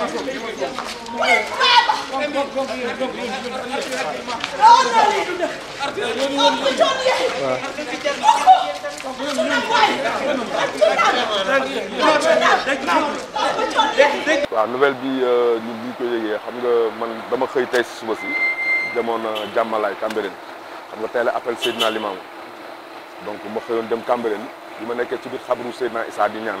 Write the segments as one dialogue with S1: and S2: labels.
S1: waaw
S2: nouvelle bi euh, ñu ko yëgee xam nga man dama xëy tey si suba si demoon euh, jàmmalaay Cambérène xam nga tey la appel Seydina Limamou donc ma xëyoon dem Cambérène bi ma nekkee ci biir xabru Seydina Issa di ñaan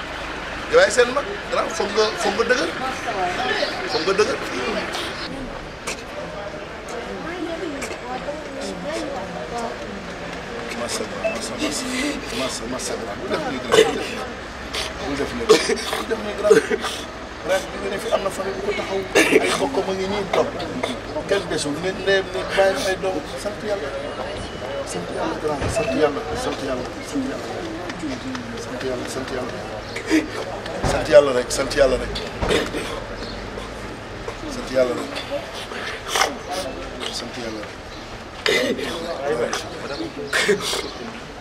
S1: yow ay seen mag dara foog nga foog nga dëgër foog nga dëgër. masa masa masa masa bul def nii bul def nii grand ren bi nga ne fi am na famille bu ko taxaw ay bokk ma ngi ñuy topp kenn desul nit ndeyam nit bàyyi ay doom sant yàlla sant yàlla grand sant yàlla sant yàlla sant yàlla. sant yàlla sant yàlla sant yàlla rek sant yàlla rek sant yàlla rek sant yàlla rek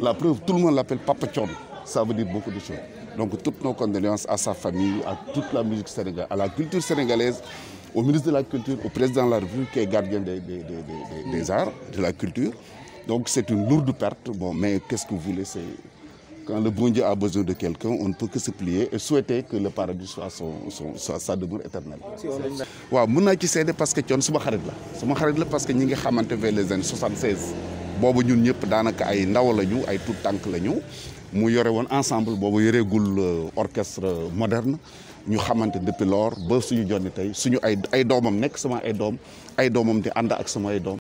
S1: La preuve, tout le monde l'appelle Papa Tchon. Ça veut dire beaucoup de choses. Donc toutes nos condoléances à sa famille, à toute la musique sénégalaise, à la culture sénégalaise, au ministre de la Culture, au président de la Revue qui est gardien des, arts, de la culture. Donc c'est une lourde perte. Bon, mais qu'est-ce que vous voulez Quand le bon Dieu a besoin de quelqu'un, on ne peut que se plier et souhaiter que le paradis soit, son, sa demeure éternelle. suis parce que Je suis parce que nous les années 76. boobu ñun ñëpp daanaka ay ndaw la ñu ay tout tànk la ñu mu yore woon ensemble boobu yoreegul euh, orchestre moderne ñu xamante depuis lors ba suñu jonni tey suñu ay ay doomam nekk sama ay doom ay doomam di ànd ak sama ay doom